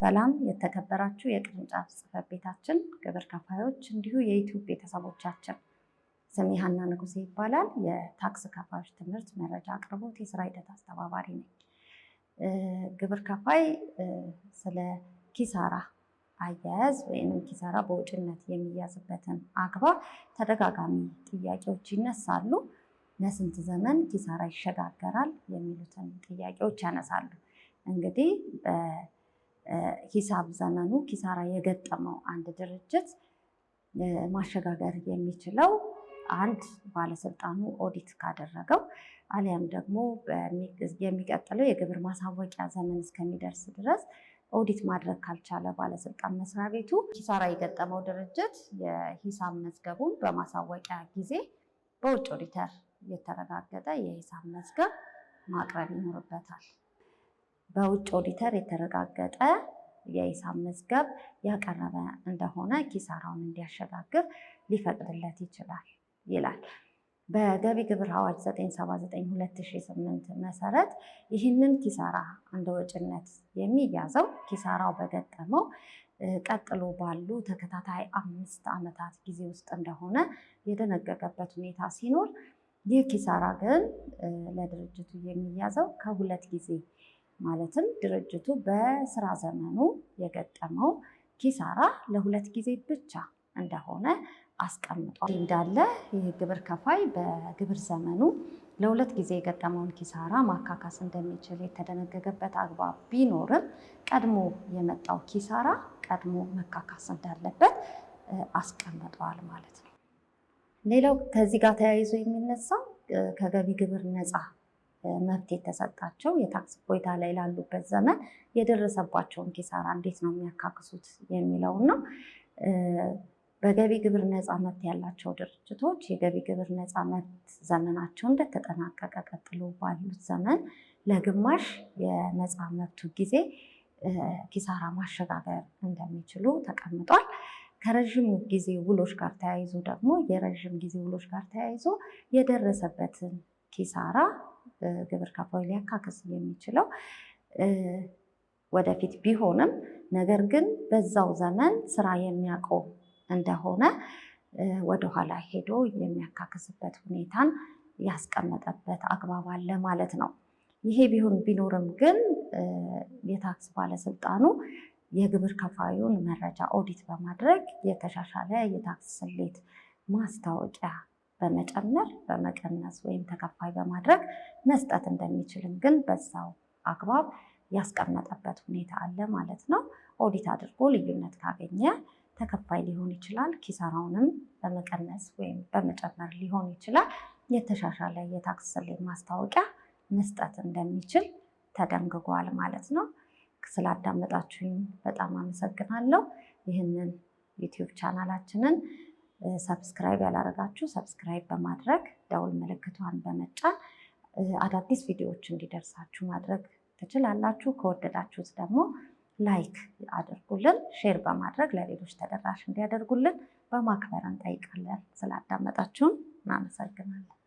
ሰላም የተከበራችሁ የቅርንጫፍ ጽህፈት ቤታችን ግብር ከፋዮች እንዲሁ የዩቲዩብ ቤተሰቦቻችን፣ ስሜ ሀና ንጉሴ ይባላል። የታክስ ከፋዮች ትምህርት መረጃ አቅርቦት የስራ ሂደት አስተባባሪ ነኝ። ግብር ከፋይ ስለ ኪሳራ አያያዝ ወይም ኪሳራ በውጭነት የሚያዝበትን አግባብ ተደጋጋሚ ጥያቄዎች ይነሳሉ። ለስንት ዘመን ኪሳራ ይሸጋገራል? የሚሉትን ጥያቄዎች ያነሳሉ። እንግዲህ ሂሳብ ዘመኑ ኪሳራ የገጠመው አንድ ድርጅት ማሸጋገር የሚችለው አንድ ባለስልጣኑ ኦዲት ካደረገው አሊያም ደግሞ የሚቀጥለው የግብር ማሳወቂያ ዘመን እስከሚደርስ ድረስ ኦዲት ማድረግ ካልቻለ ባለስልጣን መስሪያ ቤቱ ኪሳራ የገጠመው ድርጅት የሂሳብ መዝገቡን በማሳወቂያ ጊዜ በውጭ ኦዲተር የተረጋገጠ የሂሳብ መዝገብ ማቅረብ ይኖርበታል። በውጭ ኦዲተር የተረጋገጠ የሂሳብ መዝገብ ያቀረበ እንደሆነ ኪሳራውን እንዲያሸጋግር ሊፈቅድለት ይችላል ይላል። በገቢ ግብር አዋጅ 979/2008 መሰረት ይህንን ኪሳራ እንደ ወጭነት የሚያዘው ኪሳራው በገጠመው ቀጥሎ ባሉ ተከታታይ አምስት ዓመታት ጊዜ ውስጥ እንደሆነ የደነገገበት ሁኔታ ሲኖር ይህ ኪሳራ ግን ለድርጅቱ የሚያዘው ከሁለት ጊዜ ማለትም ድርጅቱ በስራ ዘመኑ የገጠመው ኪሳራ ለሁለት ጊዜ ብቻ እንደሆነ አስቀምጧል። እንዳለ ይህ ግብር ከፋይ በግብር ዘመኑ ለሁለት ጊዜ የገጠመውን ኪሳራ ማካካስ እንደሚችል የተደነገገበት አግባብ ቢኖርም ቀድሞ የመጣው ኪሳራ ቀድሞ መካካስ እንዳለበት አስቀምጧል ማለት ነው። ሌላው ከዚህ ጋር ተያይዞ የሚነሳው ከገቢ ግብር ነፃ መብት የተሰጣቸው የታክስ እፎይታ ላይ ላሉበት ዘመን የደረሰባቸውን ኪሳራ እንዴት ነው የሚያካክሱት የሚለውን ነው። በገቢ ግብር ነፃ መብት ያላቸው ድርጅቶች የገቢ ግብር ነፃ መብት ዘመናቸው እንደተጠናቀቀ ቀጥሎ ባሉት ዘመን ለግማሽ የነፃ መብቱ ጊዜ ኪሳራ ማሸጋገር እንደሚችሉ ተቀምጧል። ከረዥም ጊዜ ውሎች ጋር ተያይዞ ደግሞ የረዥም ጊዜ ውሎች ጋር ተያይዞ የደረሰበትን ኪሳራ ግብር ከፋዩ ሊያካክስ የሚችለው ወደፊት ቢሆንም ነገር ግን በዛው ዘመን ስራ የሚያቆም እንደሆነ ወደኋላ ሄዶ የሚያካክስበት ሁኔታን ያስቀመጠበት አግባብ አለ ማለት ነው። ይሄ ቢሆን ቢኖርም ግን የታክስ ባለስልጣኑ የግብር ከፋዩን መረጃ ኦዲት በማድረግ የተሻሻለ የታክስ ስሌት ማስታወቂያ በመጨመር በመቀነስ ወይም ተከፋይ በማድረግ መስጠት እንደሚችልም ግን በዛው አግባብ ያስቀመጠበት ሁኔታ አለ ማለት ነው። ኦዲት አድርጎ ልዩነት ካገኘ ተከፋይ ሊሆን ይችላል። ኪሳራውንም በመቀነስ ወይም በመጨመር ሊሆን ይችላል። የተሻሻለ የታክስ ስሌት ማስታወቂያ መስጠት እንደሚችል ተደንግጓል ማለት ነው። ስላዳመጣችሁኝ በጣም አመሰግናለሁ። ይህንን ዩቲዩብ ቻናላችንን ሰብስክራይብ ያላረጋችሁ ሰብስክራይብ በማድረግ ደውል ምልክቷን በመጫን አዳዲስ ቪዲዮዎች እንዲደርሳችሁ ማድረግ ትችላላችሁ። ከወደዳችሁት ደግሞ ላይክ አድርጉልን፣ ሼር በማድረግ ለሌሎች ተደራሽ እንዲያደርጉልን በማክበር እንጠይቃለን። ስላዳመጣችሁን እናመሰግናለን።